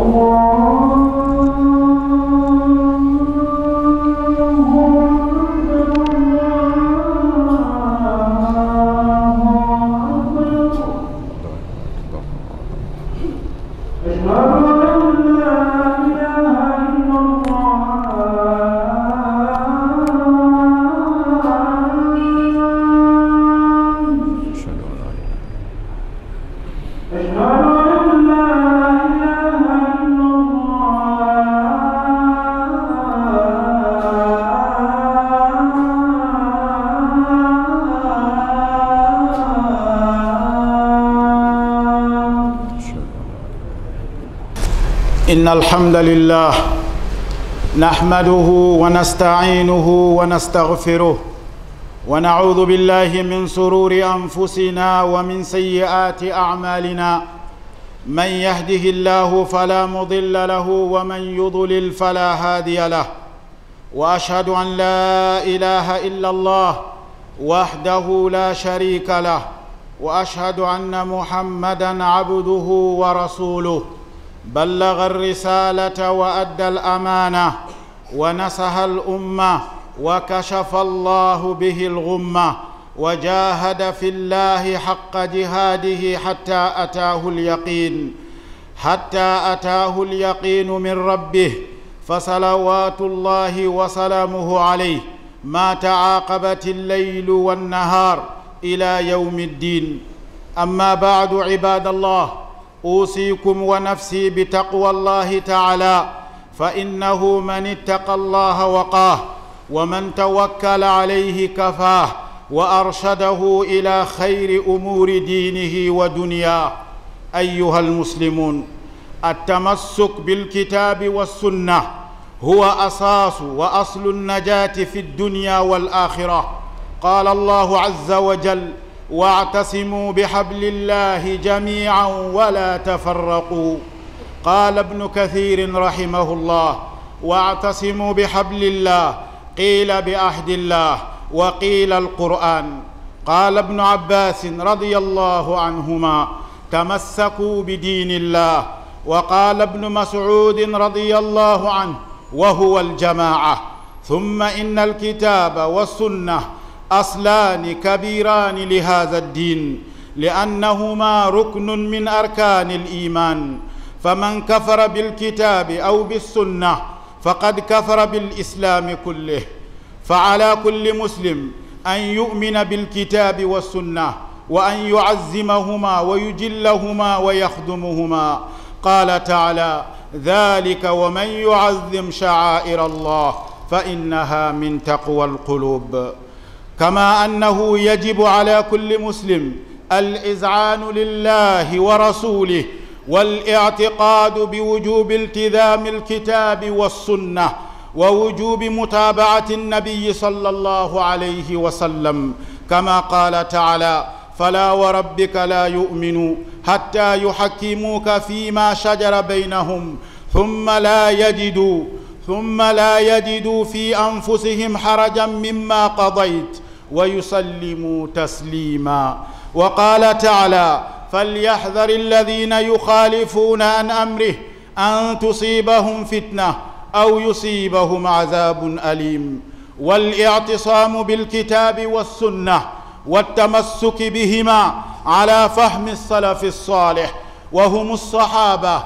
Allah الحمد لله نحمده ونستعينه ونستغفره ونعوذ بالله من سرور انفسنا ومن سيئات اعمالنا من يهده الله فلا مضل له ومن يضلل فلا هادي له واشهد ان لا اله الا الله وحده لا شريك له واشهد ان محمدا عبده ورسوله بلغ الرساله وادى الامانه ونسها الامه وكشف الله به الغمه وجاهد في الله حق جهاده حتى اتاه اليقين حتى اتاه اليقين من ربه فصلوات الله وسلامه عليه ما تعاقبت الليل والنهار الى يوم الدين اما بعد عباد الله اوصيكم ونفسي بتقوى الله تعالى فانه من اتقى الله وقاه ومن توكل عليه كفاه وارشده الى خير امور دينه ودنياه ايها المسلمون التمسك بالكتاب والسنه هو اساس واصل النجاه في الدنيا والاخره قال الله عز وجل واعتصموا بحبل الله جميعا ولا تفرقوا قال ابن كثير رحمه الله واعتصموا بحبل الله قيل بعهد الله وقيل القران قال ابن عباس رضي الله عنهما تمسكوا بدين الله وقال ابن مسعود رضي الله عنه وهو الجماعه ثم ان الكتاب والسنه اصلان كبيران لهذا الدين لانهما ركن من اركان الايمان فمن كفر بالكتاب او بالسنه فقد كفر بالاسلام كله فعلى كل مسلم ان يؤمن بالكتاب والسنه وان يعزمهما ويجلهما ويخدمهما قال تعالى ذلك ومن يعظم شعائر الله فانها من تقوى القلوب كما انه يجب على كل مسلم الاذعان لله ورسوله والاعتقاد بوجوب التزام الكتاب والسنه ووجوب متابعه النبي صلى الله عليه وسلم كما قال تعالى فلا وربك لا يؤمنوا حتى يحكموك فيما شجر بينهم ثم لا يجدوا ثم لا يجدوا في انفسهم حرجا مما قضيت ويسلموا تسليما وقال تعالى فليحذر الذين يخالفون عن امره ان تصيبهم فتنه او يصيبهم عذاب اليم والاعتصام بالكتاب والسنه والتمسك بهما على فهم السلف الصالح وهم الصحابه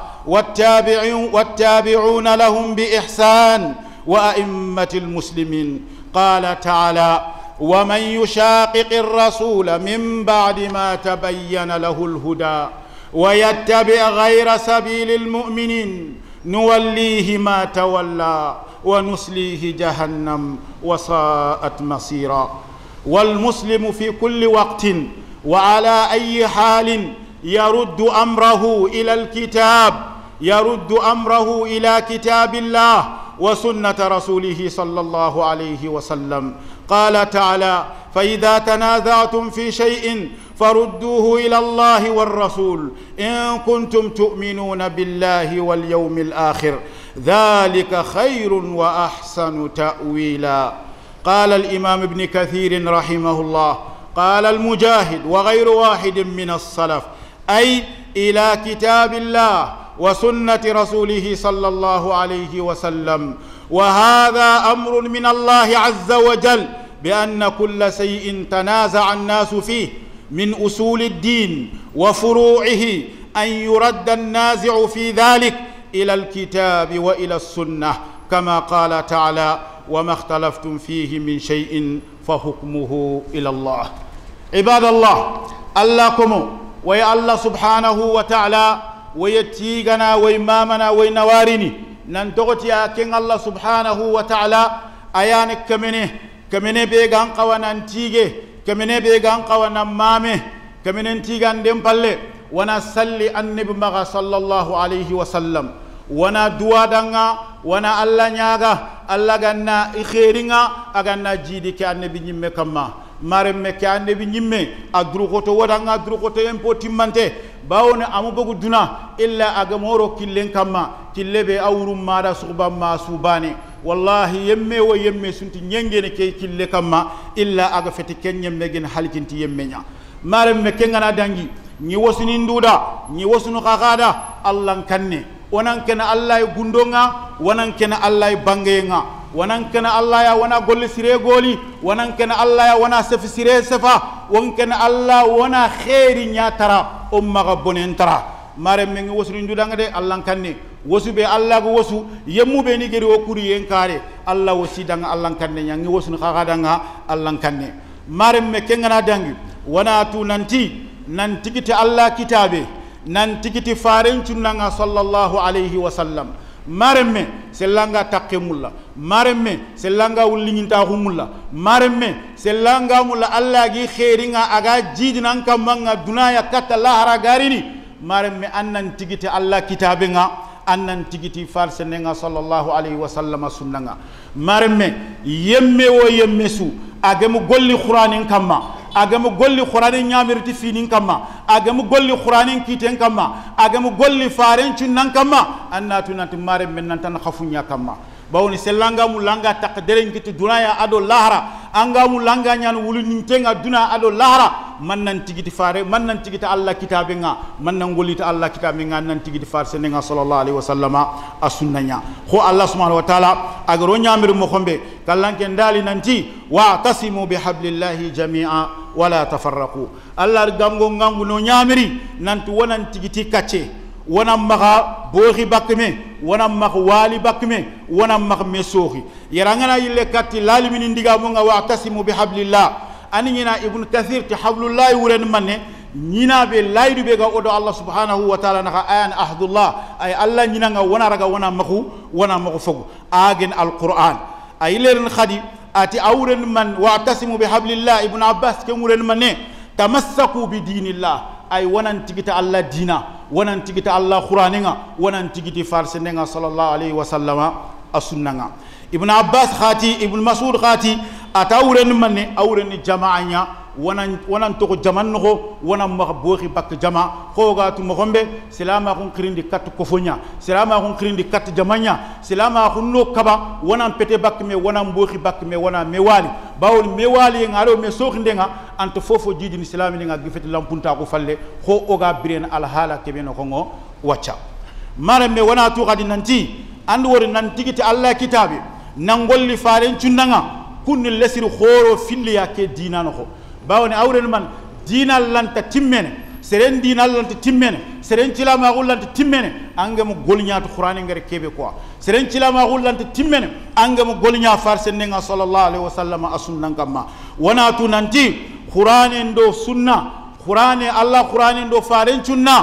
والتابعون لهم باحسان وائمه المسلمين قال تعالى ومن يشاقق الرسول من بعد ما تبين له الهدى ويتبع غير سبيل المؤمنين نوليه ما تولى ونسليه جهنم وساءت مصيرا والمسلم في كل وقت وعلى اي حال يرد امره الى الكتاب يرد امره الى كتاب الله وسنه رسوله صلى الله عليه وسلم قال تعالى فاذا تنازعتم في شيء فردوه الى الله والرسول ان كنتم تؤمنون بالله واليوم الاخر ذلك خير واحسن تاويلا قال الامام ابن كثير رحمه الله قال المجاهد وغير واحد من السلف اي الى كتاب الله وسنه رسوله صلى الله عليه وسلم وهذا أمر من الله عز وجل بأن كل شيء تنازع الناس فيه من أصول الدين وفروعه أن يرد النازع في ذلك إلى الكتاب وإلى السنة كما قال تعالى وما اختلفتم فيه من شيء فحكمه إلى الله عباد الله اللهكم ويا الله سبحانه وتعالى ويتيغنا وإمامنا وينوارني ننتغتيا كين الله سبحانه وتعالى أيان كمنه كمنه بيغان قوانا انتيجي كمنه بيغان قوانا مامه كمنه انتيغان دمبالي ونسلي النبي مغا صلى الله عليه وسلم wana duwadanga wana alla ñaaga alla ganna i xeeringa a ganna jiidi ke annabi ñimme kamma maremme ke annabi ñimme a durukoto wotanga durukotoyen po timmante bawone amu bogu duna illa moro killen kamma kille be awrum maɗa suhban ma subane wallahi yemme wo yemme sunti ñengene ke kille kamma illa aga feti ken ñemme gen halkinti yemme ña maremme ke ngana dangi ñi wasuni nduda ñi wasunu kakada allahn kanne wonan kena allah e gundo nga wonan kena allah e bangaye وننكنا الله يا ونا قول سيري قولي وننكنا الله يا ونا سف سيري سفا ونكنا الله ونا خير يا ترى أم غبون ترى mare mengi wosulu njudanga de allah kanne wosu be allah go wosu yemmu be ni geri okuri en kare allah wosi danga allah kanne nyangi wosu khaga danga allah kanne mare me kengana dangi wana tu nanti nan tikiti allah kitabe nan tikiti faren cunnanga sallallahu alaihi wasallam maremme sellanga takke mulla maremme sellanga wulliñinta humulla maremme sellanga mulla allah gi xeeringa aga jiidinan kammanga dunaya katta lahara garini maremme annan tigiti allah kitabe nga annan tigiti farsene nga sallallahu alayhi wa sallam sunna nga maremme yemme wo yemme su agemu golli qur'anin kamma agama golli qur'anin nyamirti finin kamma agama golli qur'anin kiten kamma agama golli faren cunnan kamma annatu nanti mare men nan khafunya kamma bawni selanga mu langa takderen kitu dunaya ado lahara anga mu langa nyan wulin tenga duna ado lahara man nan tigiti fare man nan tigiti allah kitabe nga man nan golita allah kitabe nga nan tigiti fare sene nga sallallahu alaihi wasallama asunnanya ho allah subhanahu wa taala agro nyamir mo khombe kallanke ndali nanti wa tasimu bihablillahi jami'a wala tafarraqu allah gango ngangu no nyamiri nanti wonan tigiti kace wonan maga bohi bakme wana mak wali bakme wana mak mesohi yaranga na yile kati lali lalimin ndiga bunga wa tasimu hablillah ani nyina ibnu kathir ti hablullah wuren manne nyina be laydu be ga odo allah subhanahu wa ta'ala naka ayan ahdullah ay allah nyina nga wana raga wana makhu wana makhu fogu agen alquran ay leren khadi ati awren man wa tasimu hablillah ibnu abbas kemuren manne tamassaku bi dinillah ay wonan tigiti allah dina wonan tigiti allah qur'ani nga wonan tigiti farsene nga sallallahu alaihi wasallama asunna nga ibn abbas khati ibn mas'ud khati atawren manne awren jama'a nya wana wana to jaman no wana ma boxi bak jama ko ga tu mo gombe selama kun krindi kat ko fonya selama kun krindi kat jamanya selama kun no kaba wana pete bak me wana boxi bak me wana mewali bawol mewali ngalo me soxinde nga anto fofo jiji ni selami nga gifet lampunta ko falle ko o ga biren al hala kebe no ko ngo wacha mare me wana tu gadi nanti andu wori nanti kiti alla kitabe nangolli faren cundanga kunni lesiri khoro filli yake dinano ko bawni awren man dinal lanta timmene seren dinal lanta timmene seren cilama lanta timmene angam golñaatu qur'ani ngare kebe quoi seren cilama lanta timmene angam golña farse nenga sallallahu alaihi wasallam asunnan kamma wana tu nanti qur'ani ndo sunna qur'ani allah qur'ani ndo faren cunna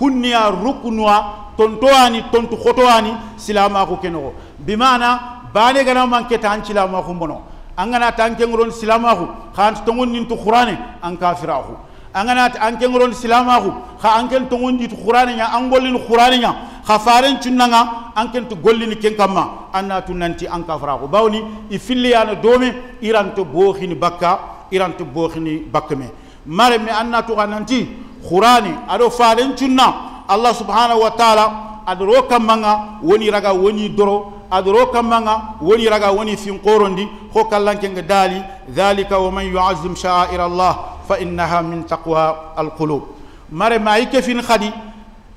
kunniya rukunwa tontoani tontu khotoani silama ko kenogo bimana bane gana man ketan cilama ko bono angana ta anke ngron silamahu khan tongon nin tu qur'ani an kafirahu angana ta anke ngron silamahu kha anken tongon dit qur'ani nya angolin qur'ani nya kha faren cunnanga anken tu gollin ken kamma anna tu nanti an kafirahu bawni i filliyana domi iran to bokhini bakka iran to bokhini bakkame mare me anna tu nanti qur'ani ado faren cunna allah subhanahu wa ta'ala adoro kamanga woni raga woni doro adoro kamanga woni raga woni fin qorondi ho kallankenga daali dhalika wa man yuazzim sha'air allah fa innaha min taqwa alqulub mare ma yike fin khadi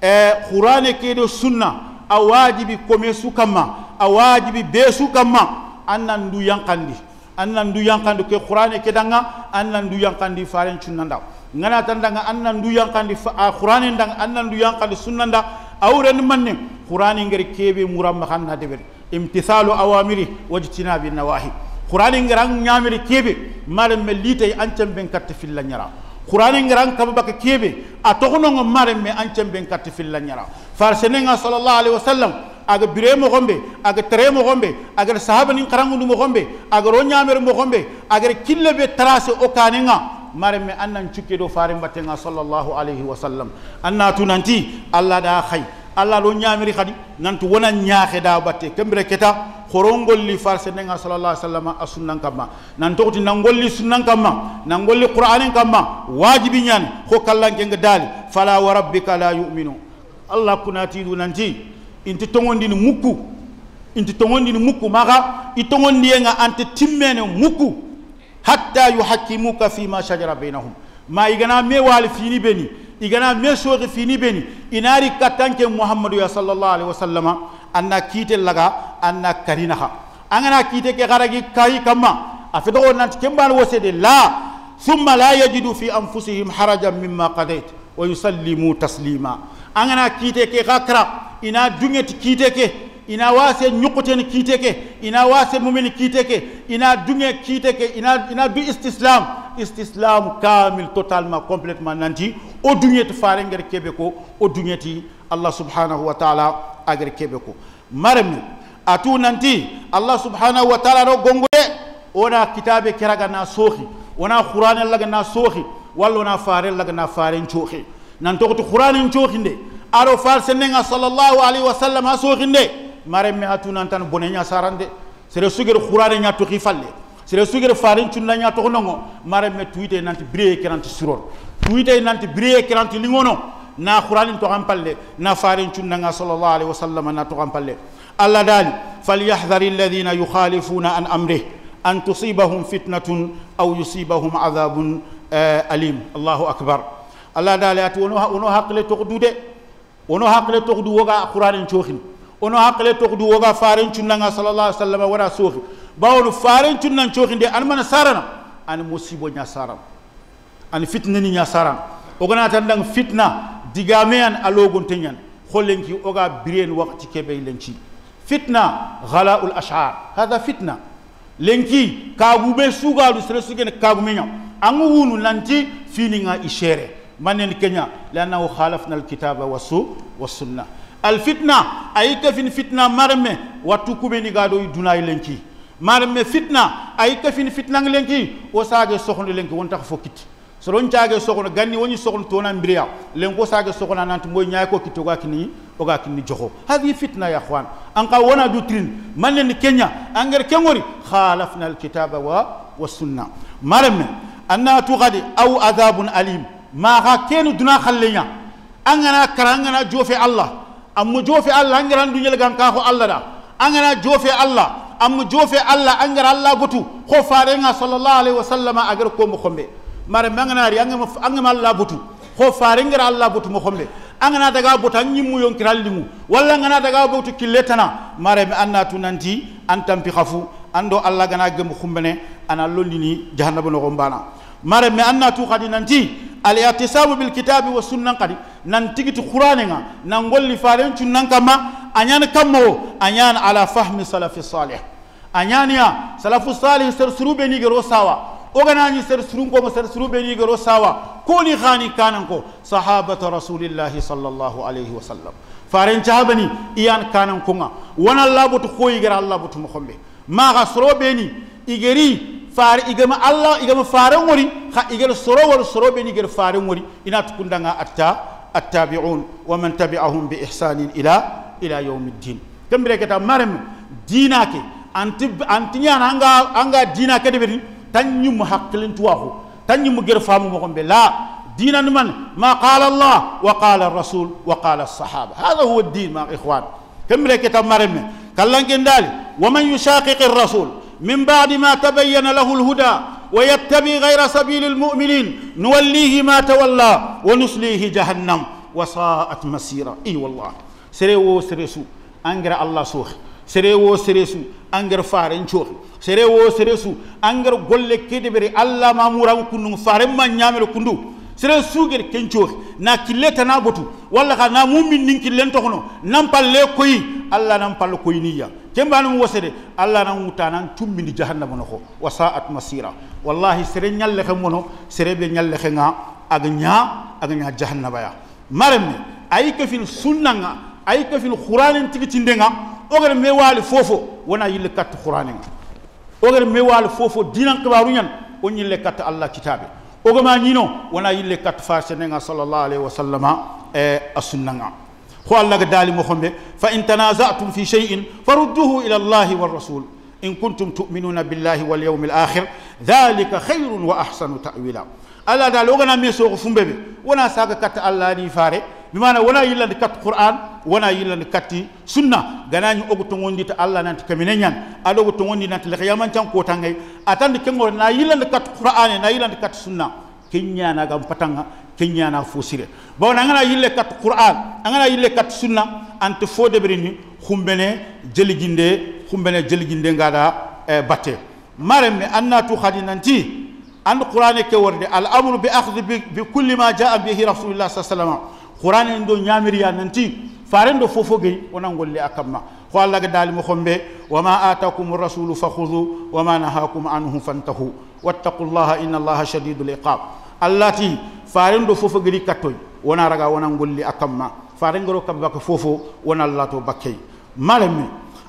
e qur'ane kedo sunna a wajibi kome su kamma a wajibi be su kamma annan du yankandi annan du yankandi ke qur'ane kedanga annan du yankandi faren cunnanda ngana tandanga annan du yankandi fa qur'ane ndanga annan du yankandi sunnanda awren manne qur'ane ngere kebe muram khanna debere imtithalu awamiri wajtinabi nawahi qur'anin garan nyamiri kebe malam melite an cemben kat filla nyara qur'anin garan kabaka kebe a tokono ngom maram me an cemben kat filla nyara farsenenga sallallahu alaihi wasallam aga bire mo gombe aga tere mo gombe aga sahaba nin karangundu mo gombe aga ro nyamer mo gombe aga kille be trace o kanenga mare me annan cukke do farin batenga sallallahu alaihi wasallam anna tunanti allah da khay alla lo ñamiri khadi nantu wona ñaaxe da batte kembre keta li farse nenga sallallahu alaihi wasallam asunnan kamma nantu ko nan golli sunnan kamma nan golli qur'anin kamma wajibi ñani ko kallanke nga dali fala wa rabbika la yu'minu alla kunati du nanti inti tongondini mukku inti tongondini mukku maga i nga ante timmene mukku hatta yuhakimuka fi ma shajara bainahum ما يغنا me wal fini beni igana me shogi fini beni inari katanke muhammadu ya sallallahu alaihi wasallam anna kite laga anna karinaha انا كيت كي garagi كاي كما افدو نانت كيمبال wosede la ثم لا يجد في انفسهم حرجا مما قضيت wa تسليما taslima angana kite ke gakra ina dungeti kite ke ina wase nyukuten kiteke ina wase mumin kiteke ina dunge kiteke ina ina du istislam istislam kamil totalement complètement nanti o duñeti faare nger keɓe ko o duñeti allah subhanahu wa taala ager keɓe ko marmi atu nanti allah subhanahu wa taala ɗo gongude wona kitabe keraga na soohi wona qurane laga na soohi walla wona faare laga na faren coohi nan togoto quranen coohi nde aɗo far sennenga sallllahu alayhi wa sallam ha soohi nde maremme atu nan tan boneña sarande sere sugere qurane ña tohi falle sere sugere farin cunna nya to nongo mare me tuite nanti bire keranti suror tuite nanti bire keranti lingono na qur'an to ampalle na farin cunna nga sallallahu alaihi wasallam na to ampalle alla dali falyahdhar alladhina yukhalifuna an amrih an tusibahum fitnatun aw yusibahum adhabun alim allahu akbar alla dal atu ono ono haqle to dude ono haqle to du qur'an qur'anin chokhin ono haqle to du woga farin cunna nga sallallahu alaihi wasallam wara sokhin bawlu faren cunnan cohinde an mana sarana an musibo nya saram an fitna ni nya saram ogana tan dang fitna digame an alogun tenyan kholenki oga biren waqti kebe lenci fitna ghala'ul ash'ar hada fitna lenki kagube sugalu sere sugene kagumenya angu wunu nanti fininga ishere manen kenya lanahu khalafna alkitaba wasu wasunna alfitna ayika fin fitna marme watu kubeni gado dunay lenki maɗum fitna ayi kafini fitnange lenki o saage sohno lenki wontaka fo kitti so ɗon caage sohno ganni woni sohno towna mbiriya lenko saage sohna nanti moy ñaay ko kitti oga kinni oga kinni joho hadi fitna ya hwan an ka wona doctrine malleni kenya anger kengori khalafna alkitaba wa wa sunna maɗum me aw adabun alim maxa kenu duna xalleña a ngana kara allah a mo allah a ngeran duñel gan ka xo allah da a ngana allah am jofe allah angar allah gotu ho farenga sallallahu alaihi wasallam agar ko mo khombe mare manganari angama angama allah gotu ho farengar allah gotu mo khombe angana daga bota ñimmu yonkirallimu walla ngana daga bowtu kille tana mare mi anna tunanti an tampi xafu ando allah gana gemu xumbene ana lollini jahannaba noxo mbana mare me anna tu kadi nanti ali atisabu bil kitabi was sunnan kadi nan tigiti qur'ani nga nan golli faren cunnan kama anyan kammo anyan ala fahmi salafi salih anyan ya salafu salih ser surube ni gero sawa o gana ni ser surun ko ser surube ni gero sawa ko ni khani kanan ko sahabatu rasulillahi sallallahu alaihi wasallam faren jahabani iyan kanan kunga wana labutu koyi gara labutu muhammed ma gasrobe ni igeri fare igama allah igama fare ngori ha igel soro wal soro be ni gel fare ngori ina tukundanga atta attabi'un wa man tabi'ahum bi ihsanin ila ila yawmiddin tambire kata marem dinake anti anti nyana anga anga dinake de bedin tanyu mu hakkilin tuwahu tanyu mu gel famu mo gombe la دينا من ما قال الله وقال الرسول وقال الصحابه هذا هو الدين مع اخوان كم ركت مرمي كلان كندالي ومن يشاقق الرسول من بعد ما تبين له الهدى ويتبع غير سبيل المؤمنين نوليه ما تولى ونسليه جهنم وساءت مسيرا اي والله سريو سريسو انغرا الله سوخ سريو سريسو انغر فارن شوخ سريو سريسو انغر غول كيدبري الله ما مورام كنو فارن ما نيامل كندو سريو سوغر كنشوخ نا كيلتا نابوتو بوتو ولا نا مؤمن نين كيلن تخنو نام كوي الله نامبال كوي نيا kembani mu wasede allah nan wuta nan tummindi jahannamu no ko wa sa'at masira wallahi sere ñalle xe mono sere be ñalle xe nga aga ña aga ña jahannaba ya marem ne ayi kafil sunna nga ayi kafil qur'anin tigi cinde nga ogere me wali fofo wona yille kat qur'anin nga ogere me wali fofo dinan kibaru ñan on yille kat allah kitabe ogama ñino wona yille kat fa senenga sallallahu alaihi wasallama e asunna nga خو الله قدالي مخمبه فإن تنازعتم في شيء فردوه إلى الله والرسول إن كنتم تؤمنون بالله واليوم الآخر ذلك خير وأحسن تأويلا الله دا غنا ميسو فمبه ونا ساغا كات الله ني فاري بمعنى ونا يلاند كات قرآن ونا يلاند كات سنة غنا ني اوغو تونغوندي تا الله نانت كمينيان الوغو تونغوندي نانت لخيامان تان كوتانغي اتاند كيمور نا يلاند كات قرآن نا يلاند كات سنة kinya na ga patanga kenyana fosire bon angana yille kat qur'an angana yille kat sunna ante fo debrini khumbene jeliginde khumbene jeliginde ngada e batte maremme annatu khadinanti an qur'ane ke worde al amru bi akhdhi bi kulli ma jaa bihi rasulullah sallallahu alaihi wasallam qur'ane ndo nyamiriya nanti farendo fofo gey wonan golle akamma ko allah ga dalimo khombe wama atakum rasulu fakhudhu wama nahakum anhu fantahu wattaqullaha inna allaha shadidul iqab allati faren do fofo gari kattoy wona raga wona golli akamma faren garo kabba ko fofo wona lato bakkey malami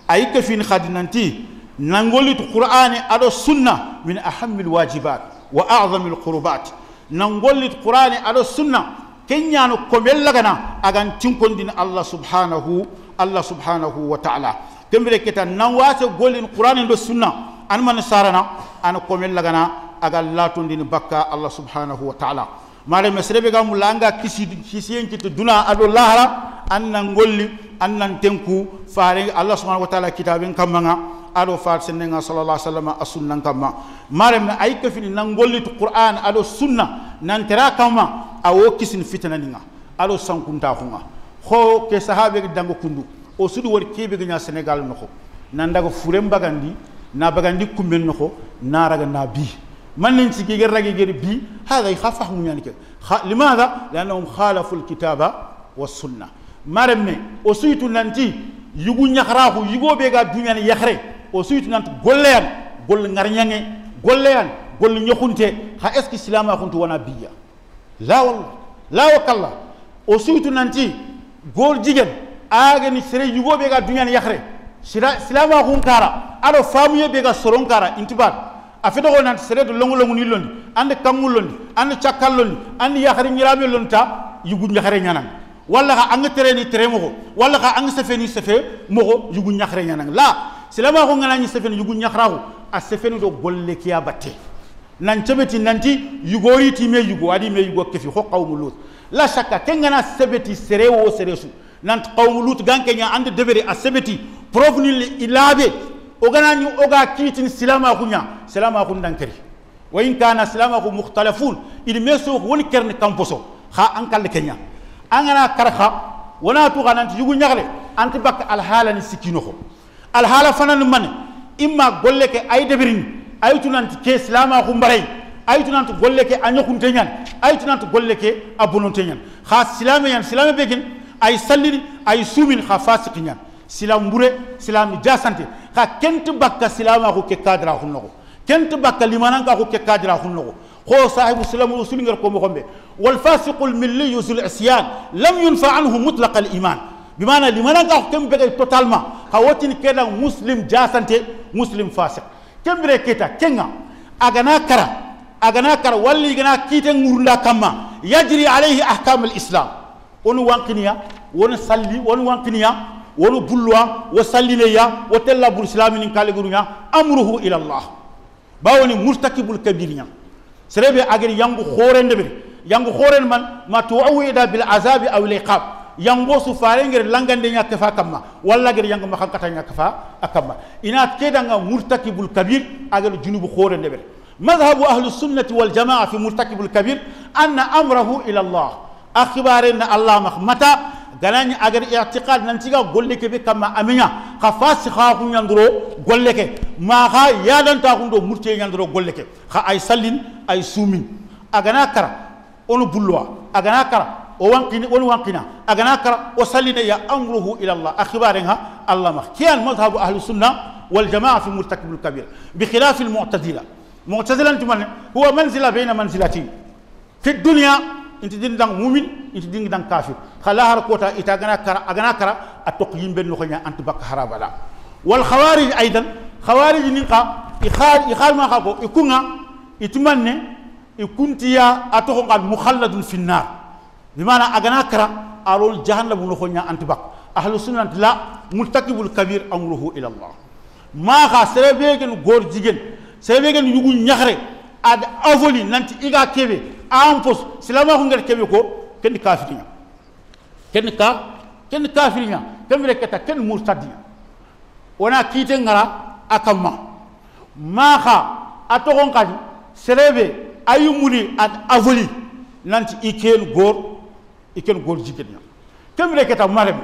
ay ke fin khadinanti nangoli to qur'ani ado sunna min ahammil wajibat wa a'zamil qurbat nangoli to qur'ani ado sunna kenyano komel lagana agan tinkondin Allah subhanahu Allah subhanahu wa ta'ala kembere keta nawase golin qur'anin do sunna an man sarana an komel lagana agan latundin bakka Allah subhanahu wa ta'ala mare mesrebe ga mulanga kisi kisiyen kito duna ado lahara annan golli annan tenku faare allah subhanahu wa ta'ala kitaben kamanga ado faar senenga sallallahu alaihi wasallam asunnan kamma mare na ay kafini nan golli to qur'an ado sunna nan tera kamma awo kisin fitna ninga ado sankunta hunga ho ke sahabe dango kundu o sudu wor kebe ga senegal noko nan daga furem bagandi na bagandi kumben noko na raga na bi من نسيكي غير راجي غير بي هذا يخاف فهم يعني كده لماذا لانهم خالفوا الكتاب والسنه مرمي وسيت نانتي يغو نخراخو يغو بيغا دنيا يخري وسيت نانت غوليان غول نغارنيانغي غوليان غول نيخونتي خا اسكي سلاما كنت وانا بيا لا والله لا وكلا وسيت نانتي غول جيجن اغني سري يغو بيغا دنيا يخري سلاما كون كارا ادو فاميو بيغا سورون كارا انتباه afeto ko nan do longu longu ni londi ande kangu londi ande chakal londi ande yakhari nyirabe lonta yugu nyakhare nyanan wala ka ang tere ni tere moko wala ka ang sefe ni sefe moko yugu nyakhare nyanan la selama ko ngana ni sefe ni yugu nyakhra a sefe ni do golle kiya abate nan chebeti nanti yugori yiti me yugo adi me yugo kefi ho lut la shakka kengana sebeti sere wo sere su nan qawmu lut gankenya ande debere a sebeti provenu ilabe ogana ñu oga kiitin silama ku ña silama ku ndankari wa in kana silama ku mukhtalafun il meso woni kerne kamposo kha an kal kenya angana karkha wana tu ganan ti yugu nyagle anti bak al hala ni sikino ko al hala fanan man imma golle ke ay debirin ay tunanti ke silama ku mbaray ay tunanti golle ke anyakunte ñan ay tunanti golle ke abulunte ñan kha silama yan silama begin ay sallini ay sumin kha fasiqi ñan silam bure silam jasante ka kent bakka silama ko ke kadra hunno kent bakka limanan ka ko ke kadra hunno ko sahibu silamu usul ngar ko mo xombe wal fasiqul milli yuzul isyan lam yunfa anhu mutlaq al iman bimana limanan ka ko kem bege totalement ka wotin kedan muslim jasante muslim fasiq kembere keta kenga agana kara agana kara walli gana kite ngurunda kama yajri alayhi ahkam al islam on wankiniya won salli on wankiniya ولو بلوى وسالي ليا وتلا برسلامين كالغرونيا امره الى الله باوني مرتكب الكبيرين سربي اجري يانغ خورن دبر يانغ خورن من ما توعد بالعذاب او العقاب يانغ سفارين غير دنيا كفا كما ولا غير يانغ ما كفا اكما ان اكيد ان مرتكب الكبير اجل جنوب خورن دبر مذهب اهل السنه والجماعه في مرتكب الكبير ان امره الى الله اخبارنا الله مخمتا galani agar i'tiqad nan tiga golle ke be kama aminya ka fasi kha ku nyandro golle ke ma kha yadan ta ku do murte nyandro golle ke kha ay sallin ay sumin agana kara onu bulwa agana kara o wankini onu wankina agana kara o sallina ya amruhu ila allah akhbarin ha allah ma kiyan madhhab ahli sunna wal jamaa fi murtakib al kabir bi khilaf al mu'tazila mu'tazila antum huwa manzila bayna manzilati fi ad-dunya inti din dang mumin inti din dang kafir khala har kota ita gana kara agana kara atok yimbe no khanya antu bak harabala wal khawarij aidan khawarij nin ka ikhal ikhal ma khako ikunga itimanne ikuntiya atoko ngal mukhalladun finnar bimana agana kara arol jahannam no khanya antu bak ahlu sunnah la murtakibul kabir amruhu ila allah ma kha serebe gen gor jigen serebe gen yugu nyakhre ad avoli nanti iga kebe ampos silama ngel kebe ko ken kafirinya ken ka ken kafirinya ken bere kata ken murtadinya ona kite ngara ma kha atogon kadi serebe ayumuni ad avoli nanti iken gor iken gor jikenya ken bere kata marem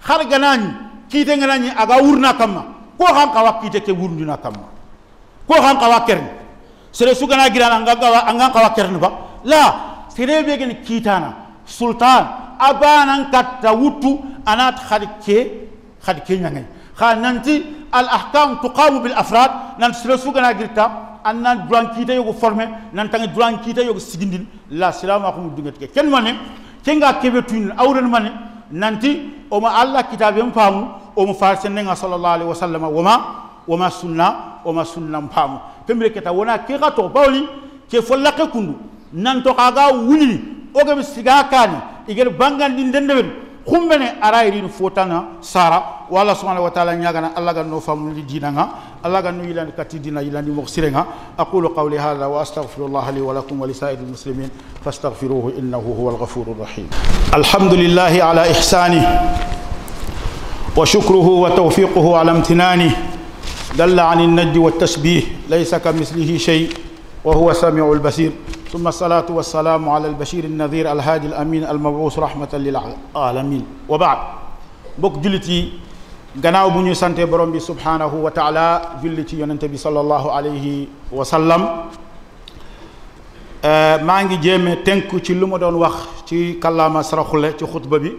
har ganani kite ngana ni aga wurna kama ko han kawa kite ke wurndina kama ko han kawa kerni sere sugana girana angawa angan kawa kerni ba la sere begen kitana sultan abanan katta wutu anat khadke khadke nyangai kha nanti al ahkam tuqamu bil afrad nan sere sugana girta annan duran kita yogo formé nan tangi duran kita yogo sigindin la silama ko dungat ke ken mané kenga kebe tun awren mané nanti o ma alla kitabe mpamu o mu farsen nga sallallahu alaihi wasallam wama wama sunna wama sunna mpamu pembre keta wona ke gato bawli ke folake kundu nan to kaga wuli o gam siga kani igel bangan din dendeben khumbene ara irin fotana sara wala subhanahu wa ta'ala nyagana allah ga no famu li dinanga allah ga no yilani kati dina yilani mo sirenga aqulu qawli hadha wa astaghfirullah li wa lakum wa li al muslimin fastaghfiruhu innahu huwal ghafurur rahim alhamdulillah ala ihsanihi وشكره وتوفيقه على امتنانه دل عن النجد والتشبيه ليس كمثله شيء وهو سميع البصير ثم الصلاة والسلام على البشير النذير الهادي الأمين المبعوث رحمة للعالمين وبعد بك جلتي غناو بني سانتي بروم سبحانه وتعالى جلتي ينتبي صلى الله عليه وسلم maa ngi jéeme تنكو ci lu ma تي wax ci kàllaama تي ci xutba bi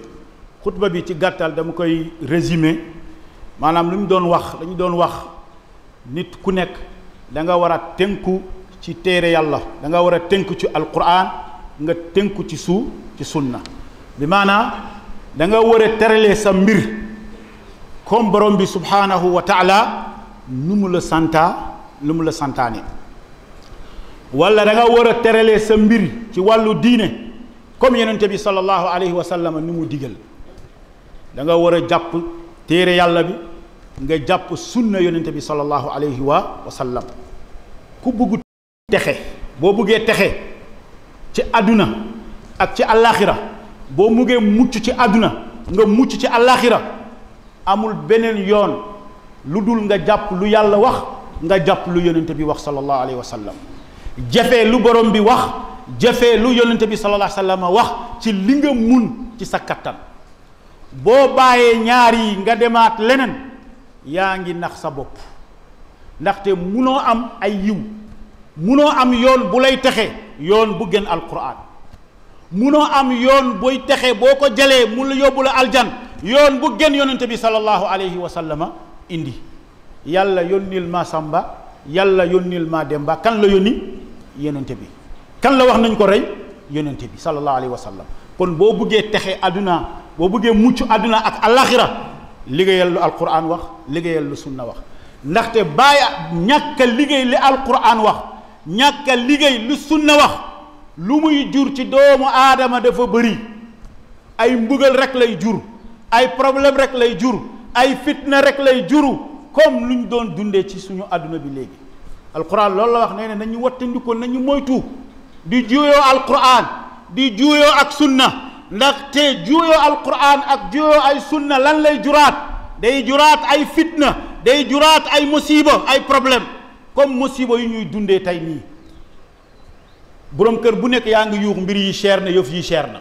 xutba bi ci gàttal dama koy résumer maanaam lu mu doon wax dañu nit ku nek da nga wara tënku ci tere yàlla da nga wara tënku ci alquran nga tënku ci su ci sunna bi mana da nga wara terele sa mbir kom borom bi subhanahu wa taala numu mu la santa numu mu la santaane wala da nga wara terele sa mbir ci walu diine comme yonente bi sallallahu alayhi wa sallam numu digel da nga wara jàpp tere yàlla bi nga jàpp sunna yonente bi sallallahu alayhi wa sallam ku bëggu texe boo bëggee texe ci àdduna ak ci àllaaxira boo muggee mucc ci àdduna nga mucc ci àllaaxira amul beneen yoon lu dul nga jàpp lu yàlla wax nga jàpp lu yonente bi wax sallallahu alayhi wa sallam jafee lu borom bi wax jafee lu yonente bi sallallahu alayhi wa sallam wax ci li nga mun ci sa kattan boo bàyyee ñaar yi nga demaat leneen yaangi nax sa bopp ndaxte munoo am ay yiw munoo am yoon bu lay texe yoon bu gën alquran munoo am yoon buy texe boo ko jëlee mu la yóbbu la aljan yoon bu gën yonente bi salallahu alayhi wa sallama indi yàlla yónnil ma samba yàlla yónnil ma demba kan la yóni yonente bi kan la wax nañ ko rey yonente bi salallahu alayhi wa sallam kon boo buggee texe aduna boo buggee mucc aduna ak alaxira liggéeyal lu alquran wax liggéeyal lu sunna wax ndaxte bàyyi ñàkk liggéey li alquran wax ñàkk liggéey lu sunna wax lu muy jur ci doomu aadama dafa bëri ay mbugal rek lay jur ay problème rek lay jur ay fitna rek lay juru comme lu ñu doon dundee ci suñu àdduna bi léegi alquran loolu la wax nee ne nañu wattandikoo nañu moytu di juuyoo alquran di juuyoo ak sunna ndaxte juyo alquran ak juyoo ay sunna lan lay juraat day juraat ay fitna day jurat ay musiba ay problème comme musiba yu ñuy dundee tey nii borom kër bu nekk yaa ngi yuux mbir yi cher na yëf yi cher na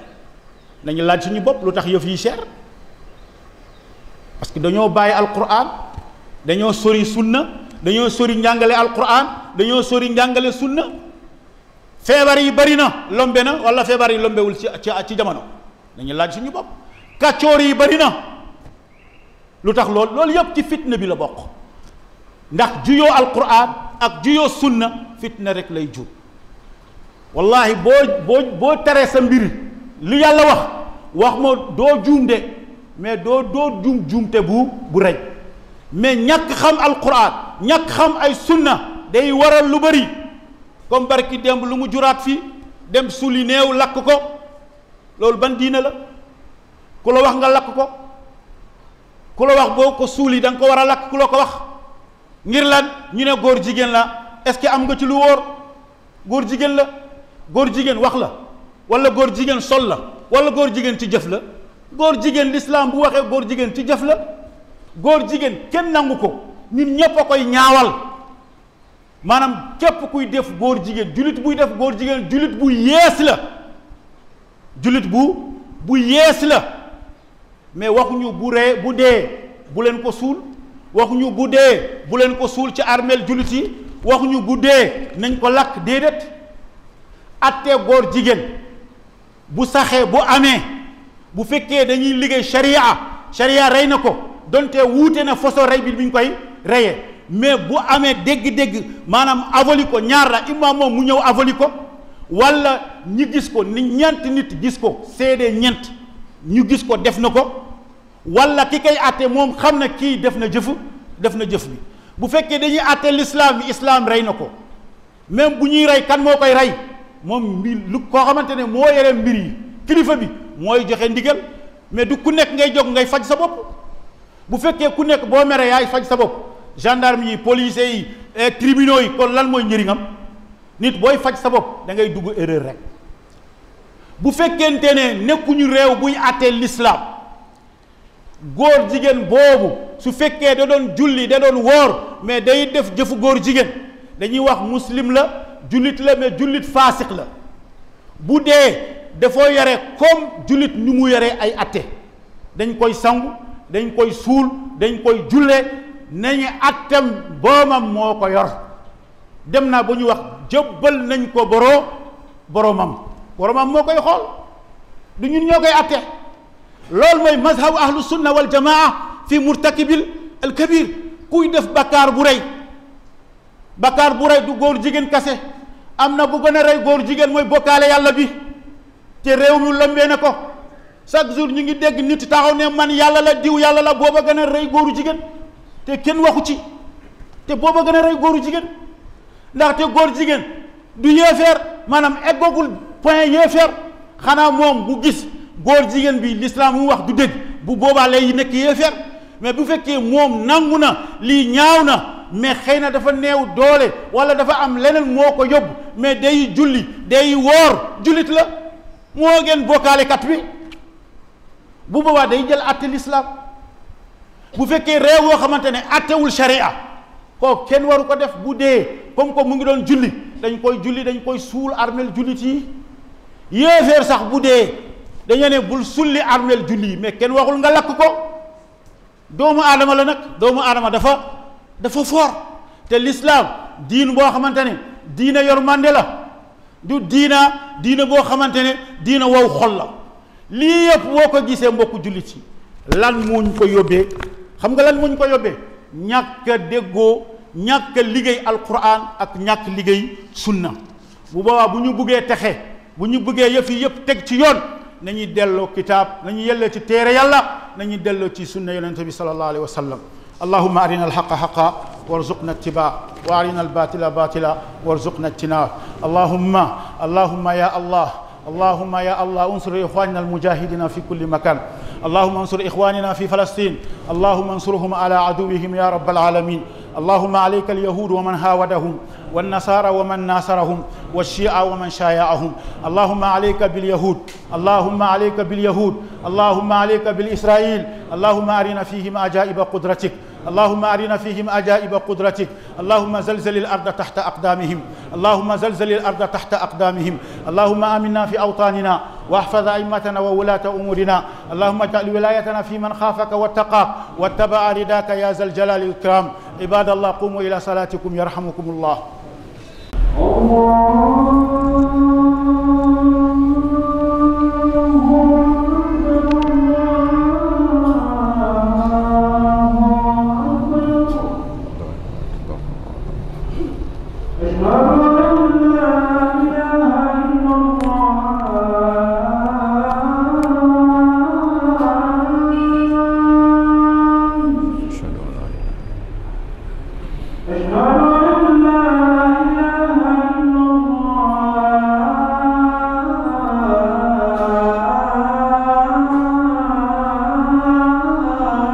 nañu laaj suñu bopp lu tax yëf yi cher parce que alquran dañoo sori sunna dañoo sori njàngale alquran dañoo sori njàngale sunna feebar yi bari na lombe na wala feebar yi lombewul ci ci jamono dañu laaj suñu bopp kàccoor yi bari na lu tax lool loolu yëpp ci fitna bi la bokk ndax juyoo alquran ak juyoo sunna fitna rek lay jur wallahi boo boo boo teree sa mbir lu yàlla wax wax ma doo juum de mais doo doo juum juumte bu bu rëy mais ñàkk xam alquran ñàkk xam ay sunna day waral lu bari comme barki démb lu mu juraat fi dem suli neew lakk ko loolu ban diina la ku la wax nga lakk ko ku la wax boo ko suuli da nga ko war a làkk ku la ko wax ngir lan ñu ne góor jigéen la est-ce que am nga ci lu wóor góor jigéen la góor jigéen wax la walla góor jigéen sol la wala góor jigéen ci jëf la góor jigéen lislaam bu waxee góor jigéen ci jëf la góor jigéen kenn nangu ko ñun ñépp a koy ñaawal maanaam képp kuy def góor jigéen jullit buy def góor jigéen jullit bu yees la jullit bu bu yees la mais waxuñu bu ree bu dee bu leen ko suul waxuñu bu bu leen ko suul ci armeel jullit yi waxuñu bu dee nañ ko lakk déedéet attee góor jigéen bu saxee bu amee bu fekkee dañuy liggéey sharia sharia rey na ko donte wuute na façon rey bi bi koy reyee mais bu amee dégg-dégg maanaam avoli ko ñaar la imam moom mu ñëw avoli ko wala ñi gis ko ni ñeent nit gis ko seede ñeent ñu gis ko def na ko wala ki kay àtte moom xam na kii def na jëfu def na jëf bi bu fekkee dañuy àtte lislaam bi islaam rey na ko même bu ñuy rey kan moo koy rey moom mbir lu koo xamante ne moo yore mbir yi kilifa bi mooy joxe ndigal mais du ku nekk ngay jóg ngay faj sa bopp bu fekkee ku nekk boo mere yaay faj sa bopp gendarme yi policiers yi tribunaux yi kon lan mooy njëriñam nit booy faj sa bopp da ngay dugg erreur rek bu fekkente ne nekkuñu réew buy àttee lislaam góor jigéen boobu su fekkee da doon julli da doon woor mais day def jëfu góor jigéen dañuy wax muslim la jullit la mais jullit faasix la bu dee dafoo yare comme jullit ni mu yore ay àtte dañ koy sangu dañ koy suul dañ koy jullee nañu àttam boomam moo ko yor dem naa ba ñu wax jëbbal nañ ko boroo boromam boromam moo koy xool du ñun ñoo koy atte loolu mooy mazhabu ahlu sunna wal jamaa fi murtakibil al kabir kuy def bakkaar bu rey bakkaar bu rey du góor jigéen kase am na bu gën a rey góor jigéen mooy bokkaale yàlla bi te réew mi lëmbee na ko chaque jour ñu ngi dégg nit taxaw ne man yàlla la diw yàlla la booba gën a rey góoru jigéen te kenn waxu ci te booba gën a rey góoru jigéen ndaxte góor jigéen du yéefeer maanaam eggagul point yéefeer xanaa moom bu gis góor jigéen bi lislaam mu wax du dëgg bu boobaa lay nekk yéefeer mais bu fekkee moom nangu na lii ñaaw na mais xëy na dafa neew doole wala dafa am leneen moo ko yóbbu mais day julli day woor jullit la moo gën bokkaalekat bi bu boobaa day jël atte lislaam bu fekkee réew yoo xamante ne attewul sharia kooku kenn waru ko def bu dee comme que mu ngi doon julli dañ koy julli dañ koy suul armeel jullit yi yéeféer sax bu dee dañu ne bul sulli armel julli yi mais kenn waxul nga lakk ko doomu aadama la nag doomu adama dafa dafa fort te lislaam diin boo xamante ne diina yor mànde la du diina diina boo xamante ne diina wow xol la lii yëpp boo ko gisee mbokku jullit yi lan moo ñu ko yóbbee xam nga lan moo ñu ko yóbbee ñak déggo ñak ñàkk liggéey alquran ak ñak liggéey sunna bu baba bu ñu bëggé texe bu ñu bëggé yëf yëp tek ci yoon nañu dello kitab nañu yelle ci téré yàlla nañu dello ci sunna yonente bi sallallahu alayhi wasallam اللهم أرنا الحق حقا وارزقنا اتباعه وأرنا الباطل باطلا وارزقنا اجتنابه اللهم اللهم يا الله اللهم يا الله انصر إخواننا المجاهدين في كل مكان اللهم انصر إخواننا في فلسطين اللهم انصرهم على عدوهم يا رب العالمين اللهم عليك اليهود ومن هاودهم والنصارى ومن ناصرهم والشيعة ومن شايعهم اللهم عليك باليهود اللهم عليك باليهود اللهم عليك بالإسرائيل اللهم أرنا فيهم عجائب قدرتك اللهم أرنا فيهم أجائب قدرتك اللهم زلزل الأرض تحت أقدامهم اللهم زلزل الأرض تحت أقدامهم اللهم آمنا في أوطاننا واحفظ أئمتنا وولاة أمورنا اللهم اجعل ولايتنا في من خافك واتقاك واتبع رداك يا ذا الجلال والإكرام عباد الله قوموا إلى صلاتكم يرحمكم الله الله